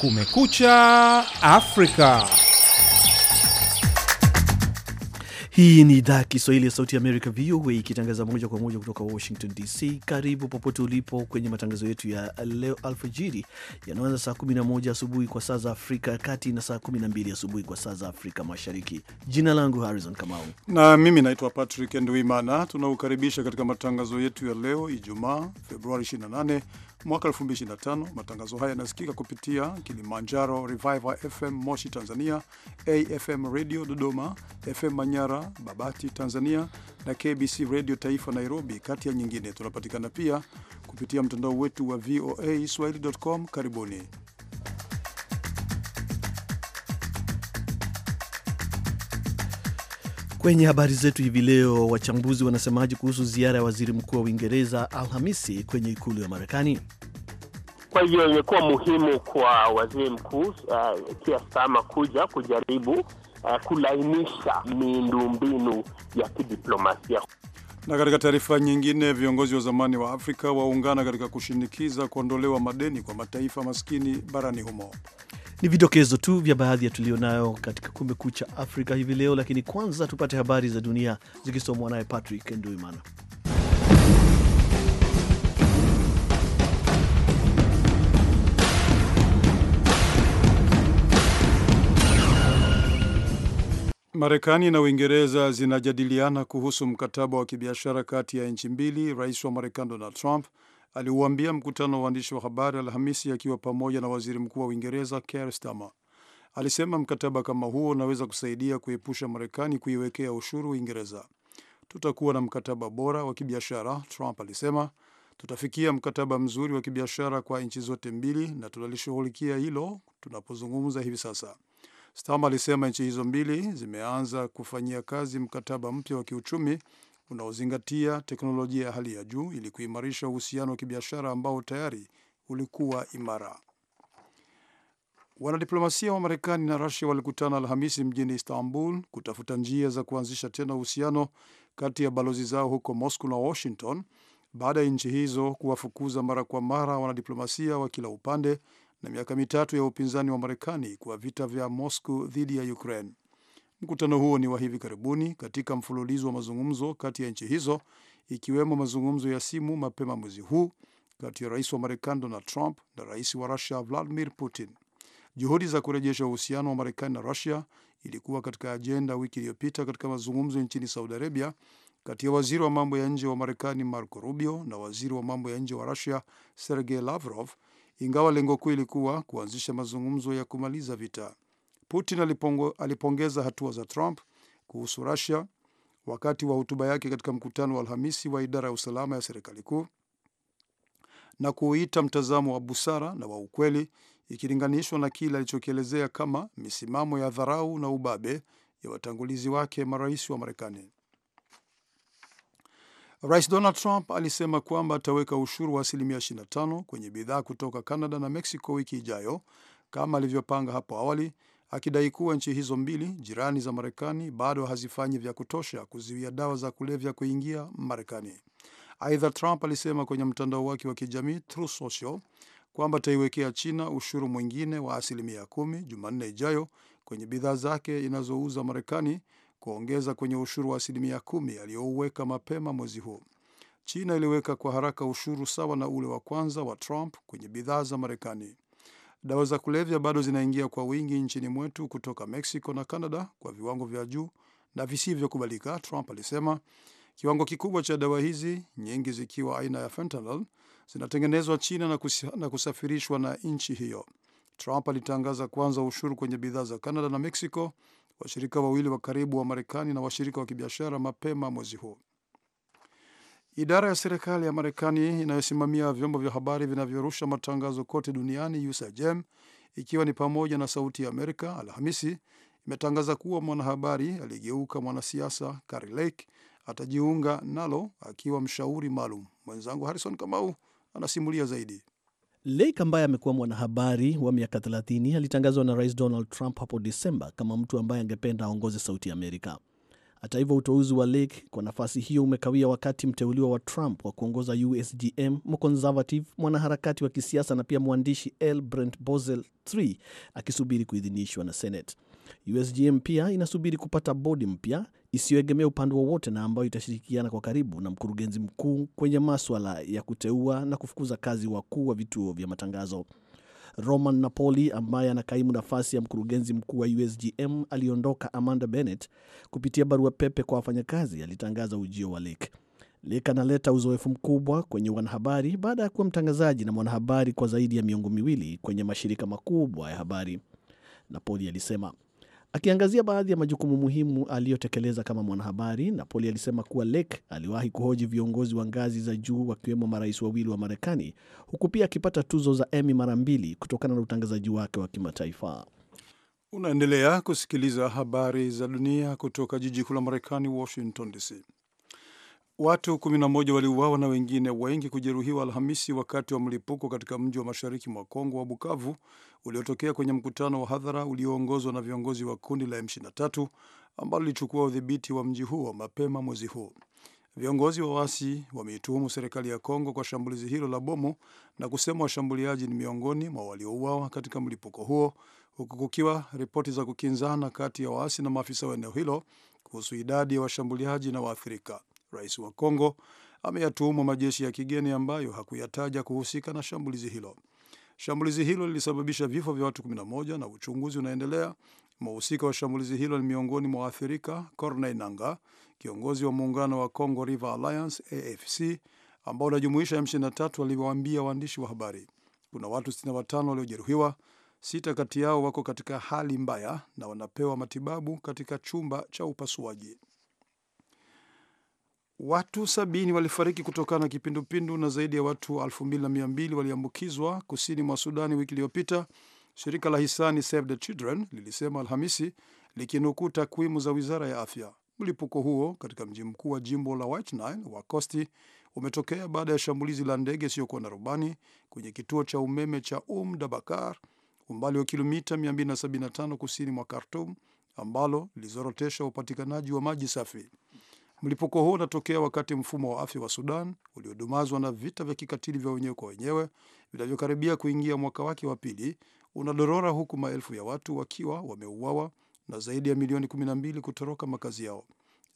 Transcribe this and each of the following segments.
Kumekucha Afrika. Hii ni idhaa ya Kiswahili ya Sauti ya Amerika, VOA, ikitangaza moja kwa moja kutoka Washington DC. Karibu popote ulipo kwenye matangazo yetu ya leo alfajiri, yanaanza saa 11 asubuhi kwa saa za Afrika ya Kati na saa 12 asubuhi kwa saa za Afrika Mashariki. Jina langu Harrison Kamau na mimi naitwa Patrick Ndwimana. Tunaukaribisha katika matangazo yetu ya leo Ijumaa, Februari 28 mwaka 2025. Matangazo haya yanasikika kupitia Kilimanjaro Revival FM Moshi Tanzania, AFM Radio Dodoma, FM Manyara Babati Tanzania na KBC Radio Taifa Nairobi, kati ya nyingine. Tunapatikana pia kupitia mtandao wetu wa VOA Swahili.com. Karibuni. Kwenye habari zetu hivi leo, wachambuzi wanasemaje kuhusu ziara ya waziri mkuu wa Uingereza Alhamisi kwenye ikulu ya Marekani? Kwa hivyo imekuwa muhimu kwa waziri mkuu uh, Keir Starmer kuja kujaribu uh, kulainisha miundombinu ya kidiplomasia. Na katika taarifa nyingine, viongozi wa zamani wa Afrika waungana katika kushinikiza kuondolewa madeni kwa mataifa maskini barani humo. Ni vidokezo tu vya baadhi ya tuliyonayo katika Kumekucha Afrika hivi leo, lakini kwanza tupate habari za dunia zikisomwa naye Patrick Nduimana. Marekani na Uingereza zinajadiliana kuhusu mkataba wa kibiashara kati ya nchi mbili. Rais wa Marekani Donald Trump aliuambia mkutano wa waandishi wa habari Alhamisi akiwa pamoja na waziri mkuu wa Uingereza Keir Starmer. Alisema mkataba kama huo unaweza kusaidia kuepusha Marekani kuiwekea ushuru Uingereza. Tutakuwa na mkataba bora wa kibiashara, Trump alisema. Tutafikia mkataba mzuri wa kibiashara kwa nchi zote mbili, na tunalishughulikia hilo tunapozungumza hivi sasa. Stam alisema nchi hizo mbili zimeanza kufanyia kazi mkataba mpya wa kiuchumi unaozingatia teknolojia ya hali ya juu ili kuimarisha uhusiano wa kibiashara ambao tayari ulikuwa imara. Wanadiplomasia wa Marekani na Rusia walikutana Alhamisi mjini Istanbul kutafuta njia za kuanzisha tena uhusiano kati ya balozi zao huko Moscow na Washington baada ya nchi hizo kuwafukuza mara kwa mara wanadiplomasia wa kila upande na miaka mitatu ya upinzani wa Marekani kwa vita vya Moscow dhidi ya Ukraine. Mkutano huo ni wa hivi karibuni katika mfululizo wa mazungumzo kati ya nchi hizo, ikiwemo mazungumzo ya simu mapema mwezi huu kati ya rais wa Marekani Donald Trump na rais wa Rusia Vladimir Putin. Juhudi za kurejesha uhusiano wa Marekani na Rusia ilikuwa katika ajenda wiki iliyopita katika mazungumzo nchini Saudi Arabia kati ya waziri wa mambo ya nje wa Marekani Marco Rubio na waziri wa mambo ya nje wa Rusia Sergei Lavrov ingawa lengo kuu ilikuwa kuanzisha mazungumzo ya kumaliza vita. Putin alipongo, alipongeza hatua za Trump kuhusu rasia wakati wa hotuba yake katika mkutano wa Alhamisi wa idara ya usalama ya serikali kuu na kuuita mtazamo wa busara na wa ukweli ikilinganishwa na kile alichokielezea kama misimamo ya dharau na ubabe ya watangulizi wake marais wa Marekani. Rais Donald Trump alisema kwamba ataweka ushuru wa asilimia 25 kwenye bidhaa kutoka Canada na Mexico wiki ijayo kama alivyopanga hapo awali, akidai kuwa nchi hizo mbili jirani za Marekani bado hazifanyi vya kutosha kuzuia dawa za kulevya kuingia Marekani. Aidha, Trump alisema kwenye mtandao wake wa kijamii Truth Social kwamba ataiwekea China ushuru mwingine wa asilimia kumi Jumanne ijayo kwenye bidhaa zake inazouza Marekani kuongeza kwenye ushuru wa asilimia kumi aliyouweka mapema mwezi huu. China iliweka kwa haraka ushuru sawa na ule wa kwanza wa Trump kwenye bidhaa za Marekani. Dawa za kulevya bado zinaingia kwa wingi nchini mwetu kutoka Mexico na Canada kwa viwango vya juu na visivyokubalika, Trump alisema. Kiwango kikubwa cha dawa hizi, nyingi zikiwa aina ya fentanyl, zinatengenezwa China na kusafirishwa na nchi hiyo. Trump alitangaza kwanza ushuru kwenye bidhaa za Canada na Mexico washirika wawili wa karibu wa Marekani na washirika wa kibiashara mapema mwezi huu. Idara ya serikali ya Marekani inayosimamia vyombo vya habari vinavyorusha matangazo kote duniani USAGM, ikiwa ni pamoja na Sauti ya Amerika, Alhamisi imetangaza kuwa mwanahabari aliyegeuka mwanasiasa cari Lake atajiunga nalo akiwa mshauri maalum. Mwenzangu Harrison Kamau anasimulia zaidi. Lake ambaye amekuwa mwanahabari wa miaka 30 alitangazwa na Rais Donald Trump hapo Desemba kama mtu ambaye angependa aongoze Sauti ya Amerika. Hata hivyo, uteuzi wa Lake kwa nafasi hiyo umekawia wakati mteuliwa wa Trump wa kuongoza USGM mconservative, mwanaharakati wa kisiasa na pia mwandishi L Brent Bozell 3 akisubiri kuidhinishwa na Senate. USGM pia inasubiri kupata bodi mpya isiyoegemea upande wowote na ambayo itashirikiana kwa karibu na mkurugenzi mkuu kwenye maswala ya kuteua na kufukuza kazi wakuu wa vituo vya matangazo. Roman Napoli ambaye anakaimu nafasi ya mkurugenzi mkuu wa USGM aliondoka Amanda Bennett kupitia barua pepe kwa wafanyakazi, alitangaza ujio wa Lake. Lake analeta uzoefu mkubwa kwenye wanahabari baada ya kuwa mtangazaji na mwanahabari kwa zaidi ya miongo miwili kwenye mashirika makubwa ya habari, Napoli alisema. Akiangazia baadhi ya majukumu muhimu aliyotekeleza kama mwanahabari, Napoli alisema kuwa Lake aliwahi kuhoji viongozi wa ngazi za juu wakiwemo marais wawili wa Marekani, huku pia akipata tuzo za Emmy mara mbili kutokana na utangazaji wake wa kimataifa. Unaendelea kusikiliza habari za dunia kutoka jiji kuu la Marekani, Washington DC. Watu 11 waliuawa na wengine wengi kujeruhiwa Alhamisi wakati wa mlipuko katika mji wa mashariki mwa Kongo wa Bukavu uliotokea kwenye mkutano wa hadhara ulioongozwa na viongozi wa kundi la M23 ambalo lilichukua udhibiti wa mji huo mapema mwezi huu. Viongozi wa waasi wameituhumu serikali ya Kongo kwa shambulizi hilo la bomu na kusema washambuliaji ni miongoni mwa waliouawa katika mlipuko huo, huku kukiwa ripoti za kukinzana kati ya waasi na maafisa wa eneo hilo kuhusu idadi ya washambuliaji na waathirika rais wa Kongo ameyatuhumu majeshi ya kigeni ambayo hakuyataja kuhusika na shambulizi hilo. Shambulizi hilo lilisababisha vifo vya watu 11 na uchunguzi unaendelea. Mhusika wa shambulizi hilo ni miongoni mwa waathirika corney nanga kiongozi wa muungano wa Congo River Alliance AFC ambao unajumuisha M23, aliwaambia waandishi wa habari. Kuna watu 65 waliojeruhiwa, sita kati yao wako katika hali mbaya na wanapewa matibabu katika chumba cha upasuaji. Watu sabini walifariki kutokana na kipindupindu na zaidi ya watu mbili waliambukizwa kusini mwa Sudani wiki iliyopita, shirika la hisani Save the Children lilisema Alhamisi likinukuu takwimu za wizara ya afya. Mlipuko huo katika mji mkuu wa jimbo la White Nile wa Kosti umetokea baada ya shambulizi la ndege isiyokuwa na rubani kwenye kituo cha umeme cha Um Dabakar, umbali wa kilomita 275 kusini mwa Khartum, ambalo lilizorotesha upatikanaji wa maji safi. Mlipuko huu unatokea wakati mfumo wa afya wa Sudan uliodumazwa na vita vya kikatili vya wenyewe kwa wenyewe vinavyokaribia kuingia mwaka wake wa pili unadorora huku maelfu ya watu wakiwa wameuawa na zaidi ya milioni 12 kutoroka makazi yao.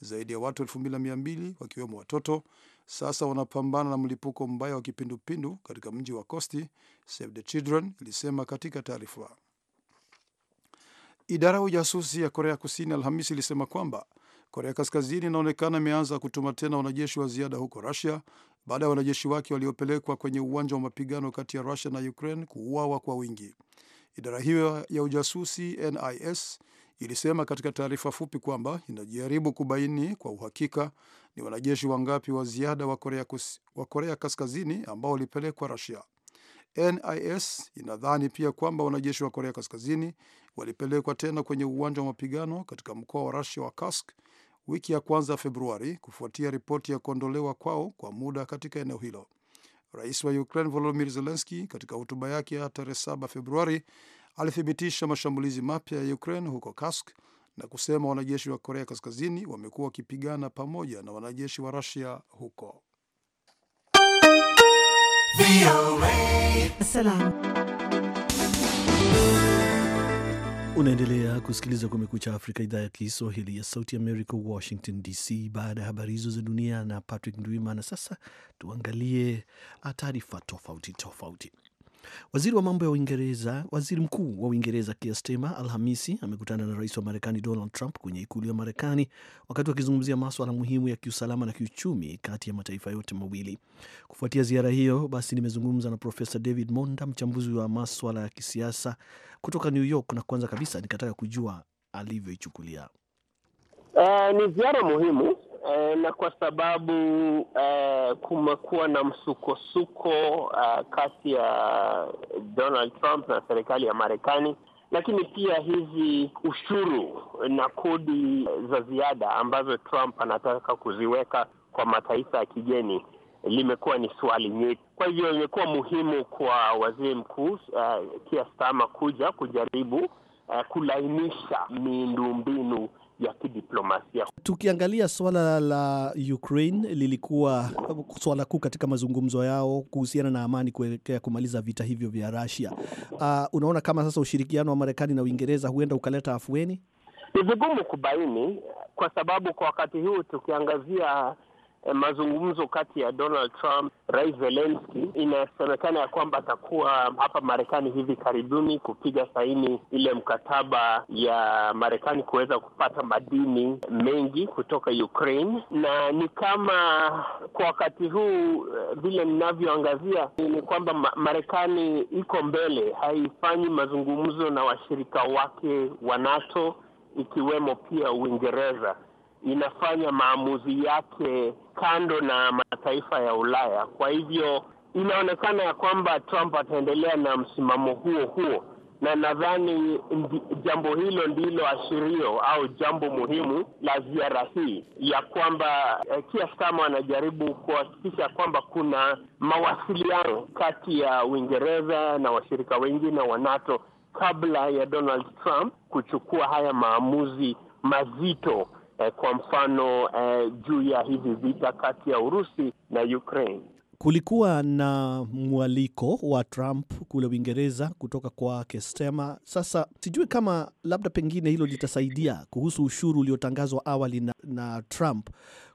Zaidi ya watu 2200 wakiwemo watoto sasa wanapambana na mlipuko mbaya wa kipindupindu katika mji wa Kosti, Save the Children ilisema katika taarifa. Idara ya ujasusi ya Korea Kusini Alhamisi ilisema kwamba Korea Kaskazini inaonekana imeanza kutuma tena wanajeshi wa ziada huko Rusia baada ya wanajeshi wake waliopelekwa kwenye uwanja wa mapigano kati ya Rusia na Ukraine kuuawa kwa wingi. Idara hiyo ya ujasusi NIS ilisema katika taarifa fupi kwamba inajaribu kubaini kwa uhakika ni wanajeshi wangapi wa ziada wa Korea, kusi, wa Korea Kaskazini ambao walipelekwa Rusia. NIS inadhani pia kwamba wanajeshi wa Korea Kaskazini walipelekwa tena kwenye uwanja wa mapigano katika mkoa wa Rusia wa Kursk wiki ya kwanza Februari kufuatia ripoti ya kuondolewa kwao kwa muda katika eneo hilo. Rais wa Ukraine Volodymyr Zelensky katika hotuba yake ya tarehe 7 Februari alithibitisha mashambulizi mapya ya Ukraine huko Kursk na kusema wanajeshi wa Korea Kaskazini wamekuwa wakipigana pamoja na wanajeshi wa rasia huko. Salam. Unaendelea kusikiliza Kumekucha Afrika, idhaa ya Kiswahili ya Sauti America, Washington DC. Baada ya habari hizo za dunia na Patrick Ndwimana, sasa tuangalie taarifa tofauti tofauti. Waziri wa mambo ya Uingereza, waziri mkuu wa Uingereza Keir Starmer Alhamisi amekutana na rais wa Marekani Donald Trump kwenye ikulu ya Marekani wakati wakizungumzia maswala muhimu ya kiusalama na kiuchumi kati ya mataifa yote mawili. Kufuatia ziara hiyo, basi nimezungumza na Profesa David Monda, mchambuzi wa maswala ya kisiasa kutoka New York, na kwanza kabisa nikataka kujua alivyoichukulia. Uh, ni ziara muhimu e, na kwa sababu e, kumekuwa na msukosuko e, kati ya Donald Trump na serikali ya Marekani, lakini pia hizi ushuru na kodi za ziada ambazo Trump anataka kuziweka kwa mataifa ya kigeni limekuwa ni swali nyeti. Kwa hivyo imekuwa muhimu kwa waziri mkuu uh, Keir Starmer kuja kujaribu uh, kulainisha miundombinu ya kidiplomasia. Tukiangalia suala la Ukraine, lilikuwa suala kuu katika mazungumzo yao kuhusiana na amani kuelekea kumaliza vita hivyo vya Russia. Uh, unaona kama sasa ushirikiano wa Marekani na Uingereza huenda ukaleta afueni? Ni vigumu kubaini kwa sababu kwa wakati huu tukiangazia Eh, mazungumzo kati ya Donald Trump, Rais zelenski Inasemekana ya kwamba atakuwa hapa Marekani hivi karibuni kupiga saini ile mkataba ya Marekani kuweza kupata madini mengi kutoka Ukraine, na ni kama kwa wakati huu eh, vile ninavyoangazia ni kwamba Marekani iko mbele, haifanyi mazungumzo na washirika wake wa NATO ikiwemo pia Uingereza inafanya maamuzi yake kando na mataifa ya Ulaya. Kwa hivyo inaonekana ya kwamba Trump ataendelea na msimamo huo huo, na nadhani jambo hilo ndilo ashirio au jambo muhimu la ziara hii ya kwamba eh, kiasi kama anajaribu kuhakikisha kwamba kuna mawasiliano kati ya Uingereza na washirika wengine wa NATO kabla ya Donald Trump kuchukua haya maamuzi mazito eh, kwa mfano eh, juu ya hivi vita kati ya Urusi na Ukraine. Kulikuwa na mwaliko wa Trump kule Uingereza kutoka kwake kestema Sasa sijui kama labda pengine hilo litasaidia kuhusu ushuru uliotangazwa awali na, na Trump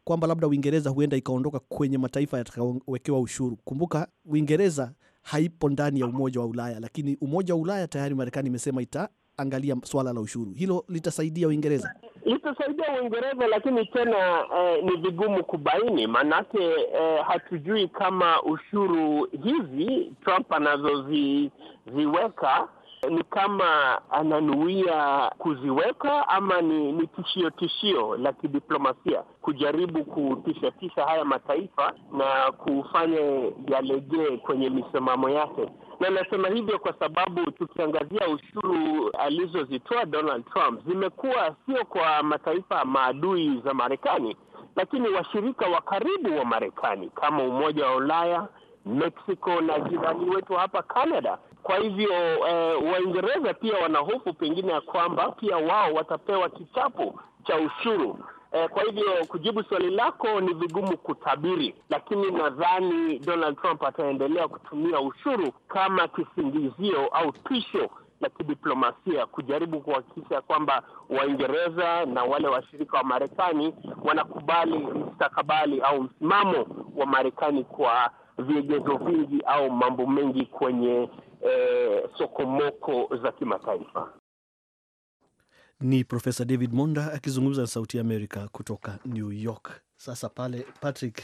kwamba labda Uingereza huenda ikaondoka kwenye mataifa yatakayowekewa ushuru. Kumbuka Uingereza haipo ndani ya Umoja wa Ulaya, lakini Umoja wa Ulaya tayari Marekani imesema ita angalia swala la ushuru. Hilo litasaidia Uingereza, litasaidia Uingereza, lakini tena eh, ni vigumu kubaini, maanake eh, hatujui kama ushuru hizi Trump anazoziweka ni kama ananuia kuziweka ama ni, ni tishio tishio la kidiplomasia kujaribu kutishatisha haya mataifa na kufanya yalegee kwenye misimamo yake na nasema hivyo kwa sababu tukiangazia ushuru alizozitoa Donald Trump zimekuwa sio kwa mataifa maadui za Marekani, lakini washirika wa karibu wa Marekani kama Umoja wa Ulaya, Mexico na jirani wetu hapa Canada. Kwa hivyo eh, Waingereza pia wanahofu pengine ya kwamba pia wao watapewa kichapo cha ushuru E, kwa hivyo kujibu swali lako ni vigumu kutabiri, lakini nadhani Donald Trump ataendelea kutumia ushuru kama kisingizio au tisho la kidiplomasia kujaribu kuhakikisha kwamba Waingereza na wale washirika wa Marekani wanakubali mstakabali au msimamo wa Marekani kwa vigezo vingi au mambo mengi kwenye eh, sokomoko za kimataifa. Ni Profesa David Monda akizungumza na Sauti ya Amerika kutoka New York. Sasa pale, Patrick,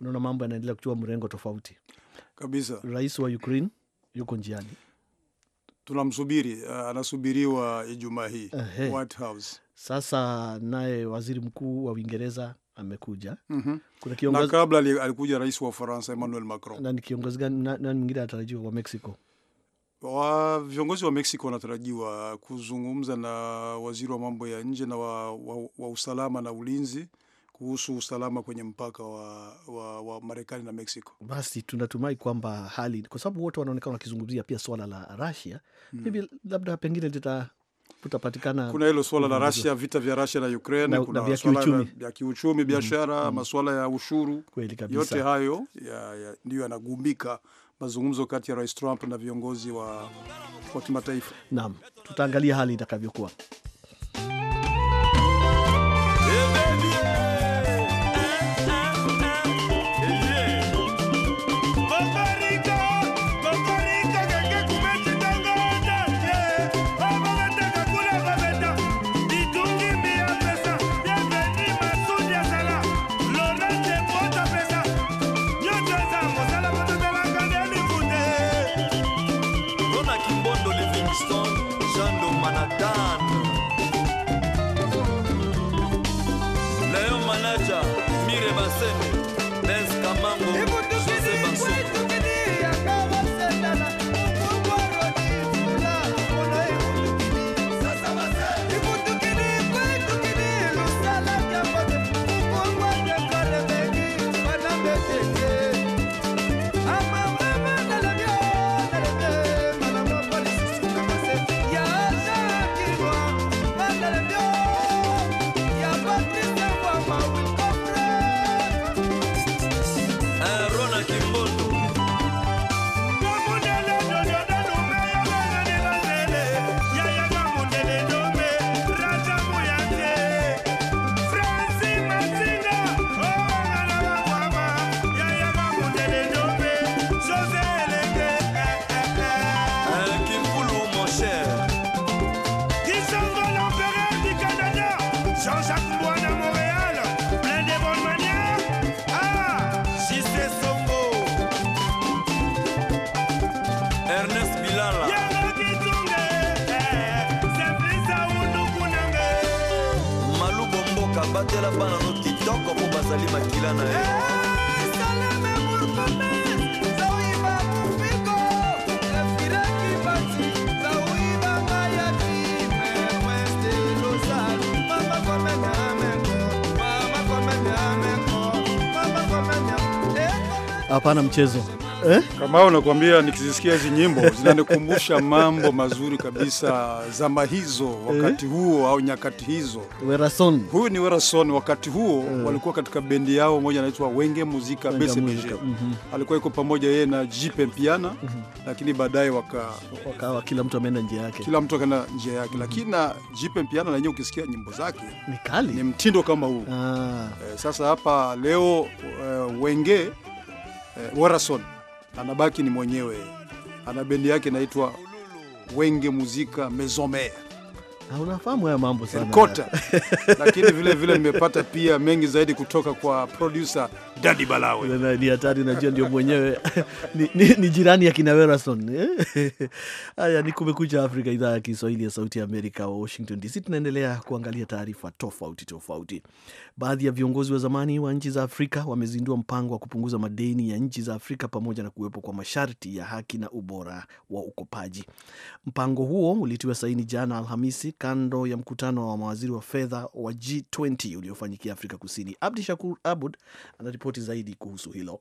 unaona mambo yanaendelea kuchua mrengo tofauti kabisa. Rais wa Ukraine yuko njiani, tunamsubiri uh, anasubiriwa Ijumaa hii White House. Sasa naye waziri mkuu wa Uingereza amekuja mm -hmm. Kuna kiongozi... na kabla alikuja rais wa Ufaransa Emmanuel Macron, na ni kiongozi gani, nani mwingine anatarajiwa wa Mexico? wa viongozi wa Mexico wanatarajiwa kuzungumza na waziri wa mambo ya nje na wa, wa, wa usalama na ulinzi kuhusu usalama kwenye mpaka wa, wa, wa Marekani na Mexico. Basi tunatumai kwamba hali, kwa sababu wote wanaonekana wakizungumzia pia swala la Russia mimi labda pengine lita kutapatikana kuna hilo swala la Russia, vita vya Russia na Ukraine, kuna swala ya kiuchumi, hmm. biashara, hmm. masuala ya ushuru, yote hayo ndiyo ya, ya, mazungumzo kati ya Rais Trump na viongozi wa, wa kimataifa. Naam, tutaangalia hali itakavyokuwa. Hapana mchezo eh? Kama hao nakwambia, nikizisikia hizi nyimbo zinanikumbusha mambo mazuri kabisa, zama hizo, eh? wakati huo au nyakati hizo. Werason huyu ni Werason, wakati huo eh, walikuwa katika bendi yao moja inaitwa Wenge Muzika Bese mm -hmm. alikuwa yuko pamoja yeye na Jipe Mpiana mm -hmm. lakini baadaye waka wakawa kila mtu ameenda njia yake, kila mtu akaenda njia yake mm -hmm. lakini na Jipe Mpiana na yeye ukisikia nyimbo zake ni kali, ni mtindo kama huu ah. Eh, sasa hapa leo uh, Wenge eh, Warason anabaki ni mwenyewe, ana bendi yake inaitwa Wenge Muzika mezomea Ah, unafahamu haya mambo sana lakini vile vile nimepata pia mengi zaidi kutoka kwa producer Daddy Balawe. Ni hatari, najua ndio mwenyewe ni, ni, ni jirani ya kina Werason. Haya ni Kumekucha Afrika, idhaa ya Kiswahili ya Sauti ya Amerika, Washington DC. Tunaendelea kuangalia taarifa tofauti tofauti. Baadhi ya viongozi wa zamani wa nchi za Afrika wamezindua mpango wa kupunguza madeni ya nchi za Afrika pamoja na kuwepo kwa masharti ya haki na ubora wa ukopaji. Mpango huo ulitiwa saini jana Alhamisi kando ya mkutano wa mawaziri wa fedha wa G20 uliofanyikia Afrika Kusini. Abdi Shakur Abud anaripoti zaidi kuhusu hilo.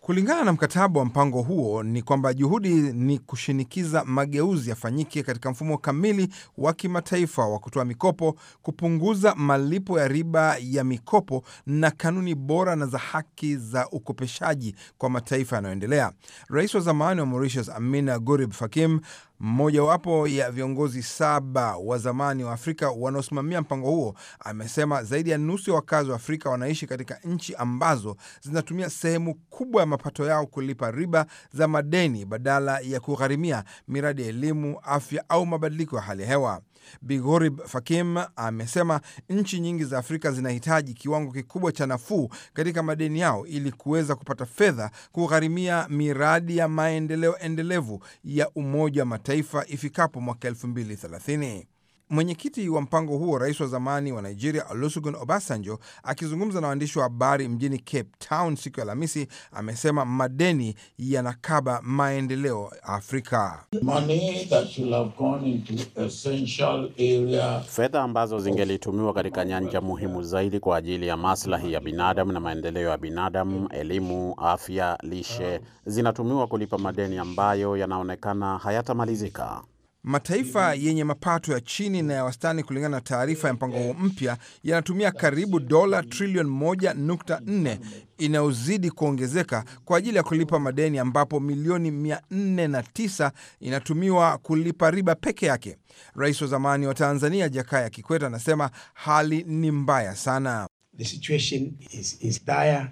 Kulingana na mkataba wa mpango huo ni kwamba juhudi ni kushinikiza mageuzi yafanyike katika mfumo kamili wa kimataifa wa kutoa mikopo, kupunguza malipo ya riba ya mikopo na kanuni bora na za haki za ukopeshaji kwa mataifa yanayoendelea. Rais wa zamani wa Mauritius Amina Gurib Fakim Mmojawapo ya viongozi saba wa zamani wa Afrika wanaosimamia mpango huo amesema zaidi ya nusu ya wakazi wa Afrika wanaishi katika nchi ambazo zinatumia sehemu kubwa ya mapato yao kulipa riba za madeni badala ya kugharimia miradi ya elimu, afya au mabadiliko ya hali ya hewa. Bigorib Fakim amesema nchi nyingi za Afrika zinahitaji kiwango kikubwa cha nafuu katika madeni yao ili kuweza kupata fedha kugharimia miradi ya maendeleo endelevu ya Umoja wa Mataifa taifa ifikapo mwaka 2030. Mwenyekiti wa mpango huo, rais wa zamani wa Nigeria Olusegun Obasanjo, akizungumza na waandishi wa habari mjini Cape Town siku ya Alhamisi, amesema madeni yanakaba maendeleo Afrika. Fedha ambazo zingelitumiwa katika nyanja muhimu zaidi kwa ajili ya maslahi ya binadamu na maendeleo ya binadamu, elimu, afya, lishe, zinatumiwa kulipa madeni ambayo yanaonekana hayatamalizika. Mataifa mm-hmm. yenye mapato ya chini na ya wastani kulingana na taarifa ya mpango huo mpya yanatumia karibu dola trilioni moja nukta nne inayozidi kuongezeka kwa ajili ya kulipa madeni ambapo milioni 409 inatumiwa kulipa riba peke yake. Rais wa zamani wa Tanzania Jakaya Kikwete anasema hali ni mbaya sana. The situation is, is dire.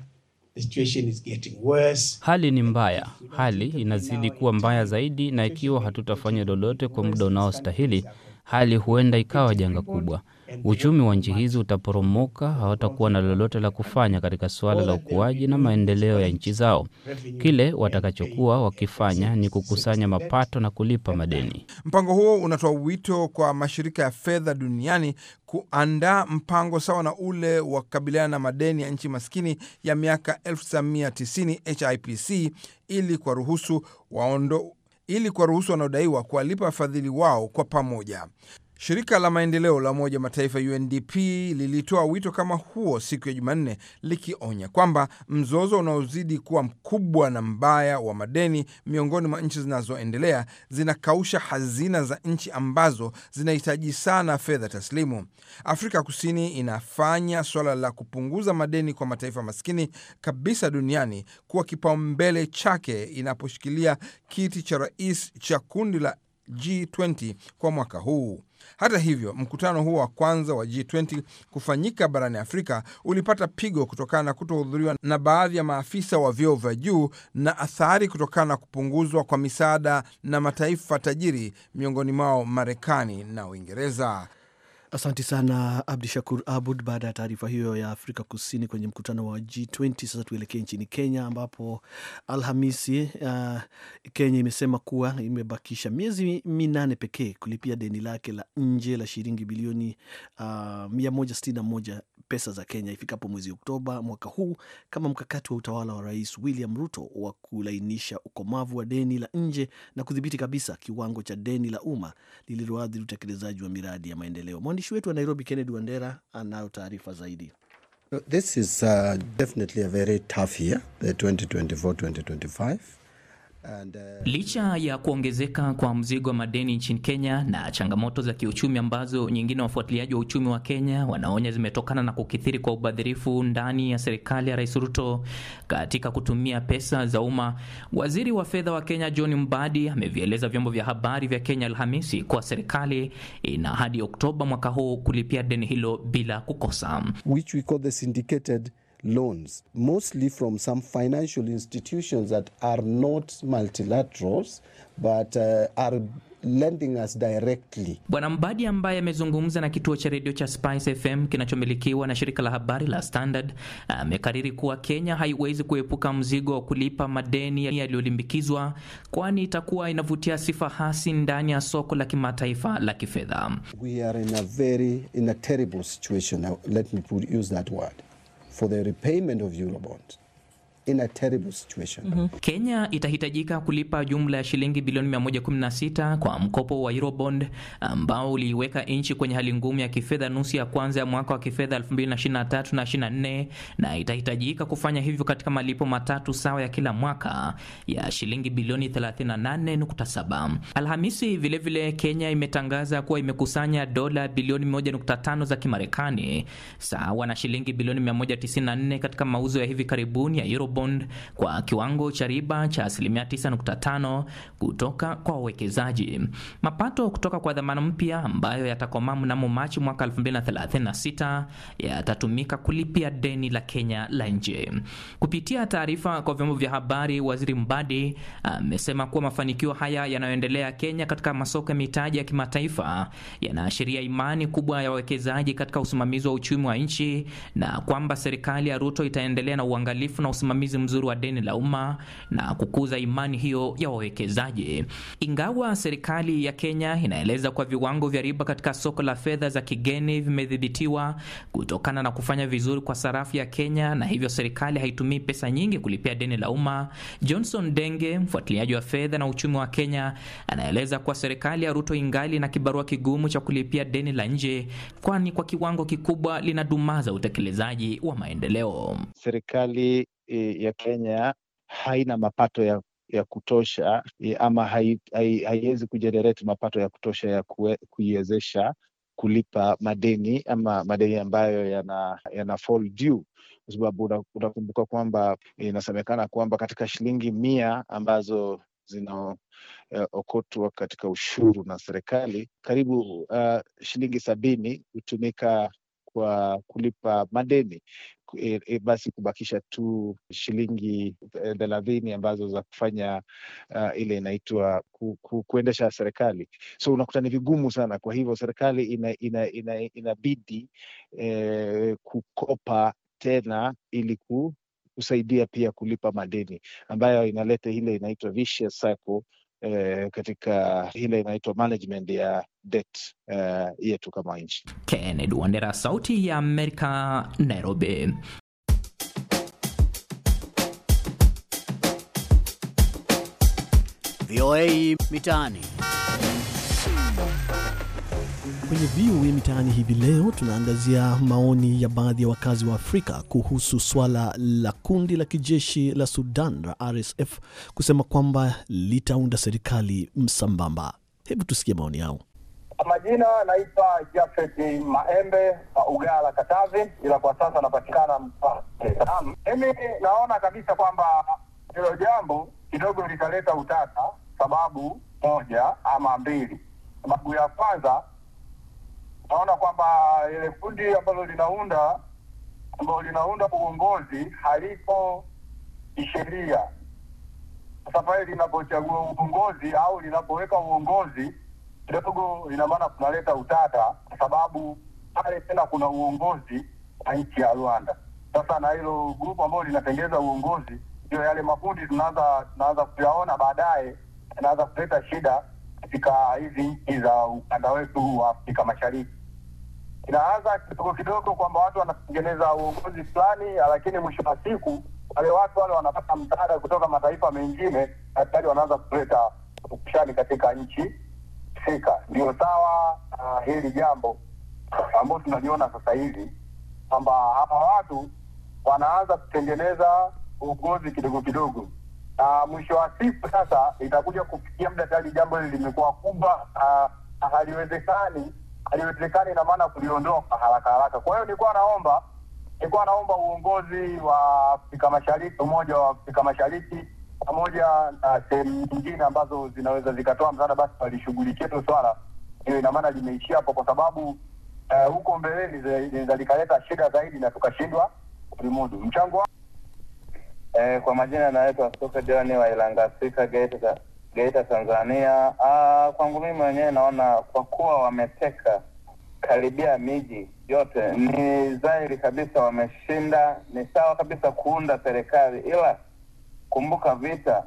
Hali ni mbaya, hali inazidi kuwa mbaya zaidi, na ikiwa hatutafanya lolote kwa muda unaostahili, hali huenda ikawa janga kubwa. Uchumi wa nchi hizi utaporomoka, hawatakuwa na lolote la kufanya katika suala la ukuaji na maendeleo ya nchi zao. Kile watakachokuwa wakifanya ni kukusanya mapato na kulipa madeni. Mpango huo unatoa wito kwa mashirika ya fedha duniani kuandaa mpango sawa na ule wa kukabiliana na madeni ya nchi maskini ya miaka 1990 HIPC ili kuwaruhusu waondo ili kuwaruhusu wanaodaiwa kuwalipa wafadhili wao kwa pamoja. Shirika la maendeleo la Umoja Mataifa UNDP lilitoa wito kama huo siku ya Jumanne likionya kwamba mzozo unaozidi kuwa mkubwa na mbaya wa madeni miongoni mwa nchi zinazoendelea zinakausha hazina za nchi ambazo zinahitaji sana fedha taslimu. Afrika Kusini inafanya suala la kupunguza madeni kwa mataifa maskini kabisa duniani kuwa kipaumbele chake inaposhikilia kiti cha rais cha kundi la G20 kwa mwaka huu. Hata hivyo, mkutano huo wa kwanza wa G20 kufanyika barani Afrika ulipata pigo kutokana na kutohudhuriwa na baadhi ya maafisa wa vyeo vya juu na athari kutokana na kupunguzwa kwa misaada na mataifa tajiri, miongoni mwao Marekani na Uingereza. Asanti sana Abdi Shakur Abud. Baada ya taarifa hiyo ya Afrika Kusini kwenye mkutano wa G20, sasa tuelekee nchini Kenya ambapo Alhamisi uh, Kenya imesema kuwa imebakisha miezi minane pekee kulipia deni lake la nje la shilingi bilioni uh, 161 pesa za Kenya ifikapo mwezi Oktoba mwaka huu kama mkakati wa utawala wa Rais William Ruto wa kulainisha ukomavu wa deni la nje na kudhibiti kabisa kiwango cha deni la umma lililoathiri utekelezaji wa miradi ya maendeleo. Mwandishi wetu wa Nairobi, Kennedy Wandera, anayo taarifa zaidi. This is, uh, definitely a very tough year, the 2024-2025. Uh, licha ya kuongezeka kwa mzigo wa madeni nchini Kenya na changamoto za kiuchumi ambazo nyingine wafuatiliaji wa uchumi wa Kenya wanaonya zimetokana na kukithiri kwa ubadhirifu ndani ya serikali ya Rais Ruto katika kutumia pesa za umma, waziri wa fedha wa Kenya John Mbadi amevieleza vyombo vya habari vya Kenya Alhamisi kuwa serikali ina hadi Oktoba mwaka huu kulipia deni hilo bila kukosa Which we call the syndicated loans, mostly from some financial institutions that are not multilaterals but uh, are lending us directly. Bwana Mbadi ambaye amezungumza na kituo cha redio cha Spice FM kinachomilikiwa na shirika la habari la Standard amekariri kuwa Kenya haiwezi kuepuka mzigo wa kulipa madeni yaliyolimbikizwa, kwani itakuwa inavutia sifa hasi ndani ya soko la kimataifa la kifedha. We are in a very, in a terrible situation. Let me put, use that word. for the repayment of eurobonds. in a terrible situation. Mm -hmm. Kenya itahitajika kulipa jumla ya shilingi bilioni 116 kwa mkopo wa Eurobond ambao uliiweka nchi kwenye hali ngumu ya kifedha nusu ya kwanza ya mwaka wa kifedha 2023 na 24 na itahitajika kufanya hivyo katika malipo matatu sawa ya kila mwaka ya shilingi bilioni 38.7. Alhamisi vilevile vile Kenya imetangaza kuwa imekusanya dola bilioni 1.5 za Kimarekani sawa na shilingi bilioni 194 katika mauzo ya hivi karibuni ya Eurobond Eurobond kwa kiwango cha riba cha asilimia 9.5 kutoka kwa wawekezaji. Mapato kutoka kwa dhamana mpya ambayo yatakomaa mnamo Machi mwaka 2036 yatatumika kulipia deni la Kenya la nje. Kupitia taarifa kwa vyombo vya habari, Waziri Mbadi amesema kuwa mafanikio haya yanayoendelea Kenya katika masoko ya mitaji ya kimataifa yanaashiria imani kubwa ya wawekezaji katika usimamizi wa uchumi wa nchi na kwamba serikali ya Ruto itaendelea na uangalifu na usimamizi usimamizi mzuri wa deni la umma na kukuza imani hiyo ya wawekezaji. Ingawa serikali ya Kenya inaeleza kuwa viwango vya riba katika soko la fedha za kigeni vimedhibitiwa kutokana na kufanya vizuri kwa sarafu ya Kenya na hivyo serikali haitumii pesa nyingi kulipia deni la umma, Johnson Denge, mfuatiliaji wa fedha na uchumi wa Kenya, anaeleza kuwa serikali ya Ruto ingali na kibarua kigumu cha kulipia deni la nje, kwani kwa kiwango kikubwa linadumaza utekelezaji wa maendeleo. Serikali E, ya Kenya haina mapato ya ya kutosha e, ama haiwezi hai, kujenerate mapato ya kutosha ya kuiwezesha kulipa madeni ama madeni ambayo yana yana fall due, kwa sababu utakumbuka kwamba e, inasemekana kwamba katika shilingi mia ambazo zinaokotwa uh, katika ushuru na serikali karibu uh, shilingi sabini hutumika kwa kulipa madeni e, e, basi kubakisha tu shilingi eh, thelathini ambazo za kufanya uh, ile inaitwa ku, ku, kuendesha serikali, so unakuta ni vigumu sana. Kwa hivyo serikali inabidi ina, ina, ina eh, kukopa tena ili ku pia kulipa madeni ambayo inaleta ile inaitwa vicious cycle Eh, katika ile inaitwa management ya debt uh, yetu kama nchi. Kennedy Wandera, Sauti ya Amerika, Nairobi. VOA Mitaani. Kwenye VOA Mitaani hivi leo tunaangazia maoni ya baadhi ya wakazi wa Afrika kuhusu swala la kundi la kijeshi la Sudan la RSF kusema kwamba litaunda serikali msambamba. Hebu tusikie maoni yao. Majina anaitwa Jafet Maembe wa Ugala, Katavi, ila kwa sasa anapatikana Mimi naona kabisa kwamba hilo jambo kidogo litaleta utata, sababu moja ama mbili. Sababu ya kwanza naona kwamba ile eh, kundi ambalo linaunda ambalo linaunda uongozi halipo kisheria. Sasa pale linapochagua uongozi au linapoweka uongozi kidogo, ina maana kunaleta utata, kwa sababu pale tena kuna uongozi wa nchi ya Rwanda. Sasa na hilo grupu ambalo linatengeza uongozi, ndio yale makundi tunaanza tunaanza kuyaona baadaye, yanaanza kuleta shida katika hizi nchi za ukanda wetu wa Afrika Mashariki inaanza kidogo kidogo, kwamba watu wanatengeneza uongozi fulani, lakini mwisho wa siku wale watu wale wanapata msaada kutoka mataifa mengine na tayari wanaanza kuleta ushani katika nchi husika. Ndio sawa uh, hili jambo ambao tunaliona sasa hivi kwamba hapa watu wanaanza kutengeneza uongozi kidogo kidogo, na uh, mwisho wa siku sasa itakuja kufikia muda tayari jambo hili limekuwa kubwa, uh, haliwezekani haliwezekani, ina maana kuliondoa kwa haraka haraka. Kwa hiyo nilikuwa naomba nilikuwa naomba uongozi wa Afrika Mashariki, umoja wa Afrika Mashariki pamoja na sehemu nyingine ambazo zinaweza zikatoa msaada, basi walishughulikia hilo swala. Hiyo ina maana limeishia hapo, kwa sababu eh, huko mbeleni linaweza likaleta shida zaidi na tukashindwa kulimudu mchango eh, kwa majina anaitwa Soka wa Ilanga Afrika Geita Geita, Tanzania. Ah, kwangu mimi mwenyewe naona kwa kuwa wameteka karibia miji yote, ni dhahiri kabisa wameshinda. Ni sawa kabisa kuunda serikali, ila kumbuka vita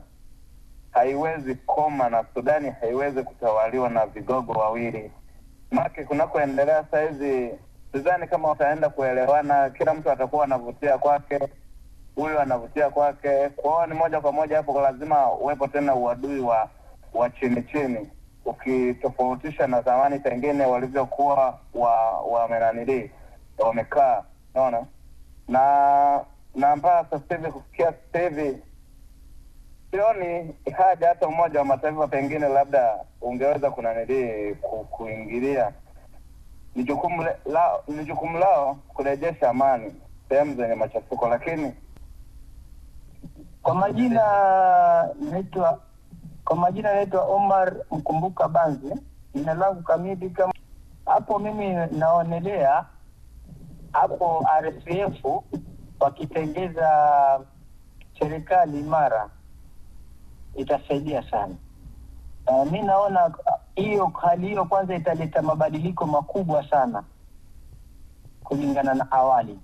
haiwezi koma na Sudani haiwezi kutawaliwa na vigogo wawili make kunakoendelea saizi sidhani kama wataenda kuelewana. Kila mtu atakuwa anavutia kwake huyu anavutia kwake. Kwa ni moja kwa moja hapo lazima uwepo tena uadui wa wa chini chini, ukitofautisha na zamani pengine walivyokuwa wa wamenanilii wamekaa, unaona na na mpaka sasa hivi kufikia sasa hivi sioni haja hata Umoja wa Mataifa pengine labda ungeweza kunanilii ku, kuingilia. Ni jukumu lao, ni jukumu lao kurejesha amani sehemu zenye machafuko, lakini kwa majina naitwa kwa majina naitwa Omar Mkumbuka Banze, jina langu kamili kama hapo. Mimi naonelea hapo RSF wakitengeza serikali imara itasaidia sana. Uh, mi naona hiyo hali hiyo kwanza italeta mabadiliko makubwa sana kulingana na awali.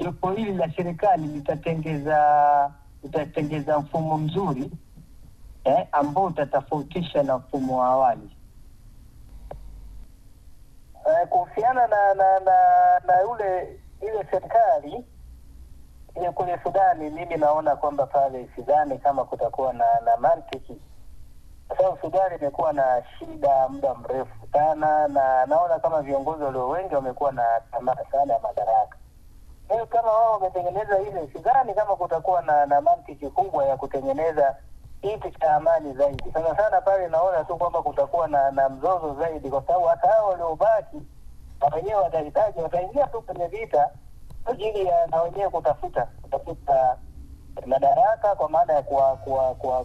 Jopo hili la serikali litatengeza utatengeza mfumo mzuri eh, ambao utatofautisha na mfumo wa awali eh, kuhusiana na na na na yule ile serikali ile kule Sudani, mimi naona kwamba pale sidhani kama kutakuwa na na mantiki kwa sababu Sudani imekuwa na shida muda mrefu sana, na naona kama viongozi walio wengi wamekuwa na tamaa sana ya madaraka Leo eh, kama wao wametengeneza hili, sidhani kama kutakuwa na, na mantiki kubwa ya kutengeneza kitu cha amani zaidi. Sana sana pale naona tu kwamba kutakuwa na, na mzozo zaidi, kwa sababu hata hao waliobaki na wenyewe watahitaji wataingia tu kwenye vita ajili ya na wenyewe kutafuta kutafuta madaraka kwa maana ya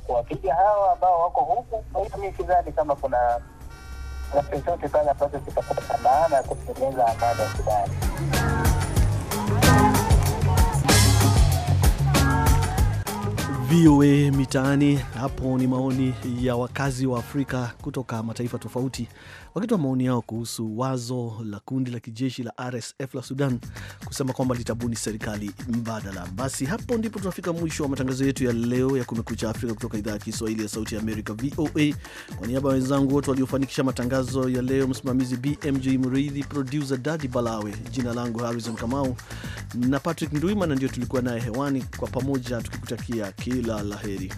kuwapiga hawa ambao wako huku. Kwa hiyo mi sidhani kama kuna na chochote pale ambacho kitakuwa na maana ya kutengeneza amani ya Sudani. VOA Mitaani. Hapo ni maoni ya wakazi wa Afrika kutoka mataifa tofauti wakitoa maoni yao kuhusu wazo la kundi la kijeshi la RSF la Sudan kusema kwamba litabuni serikali mbadala. Basi hapo ndipo tunafika mwisho wa matangazo yetu ya leo ya Kumekucha Afrika kutoka idhaa ya Kiswahili ya Sauti ya Amerika, VOA. Kwa niaba ya wenzangu wote waliofanikisha matangazo ya leo, msimamizi BMJ Mridhi, produsa Dadi Balawe, jina langu Harrison Kamau na Patrick Ndwimana ndio tulikuwa naye hewani kwa pamoja tukikutakia الى الله هيري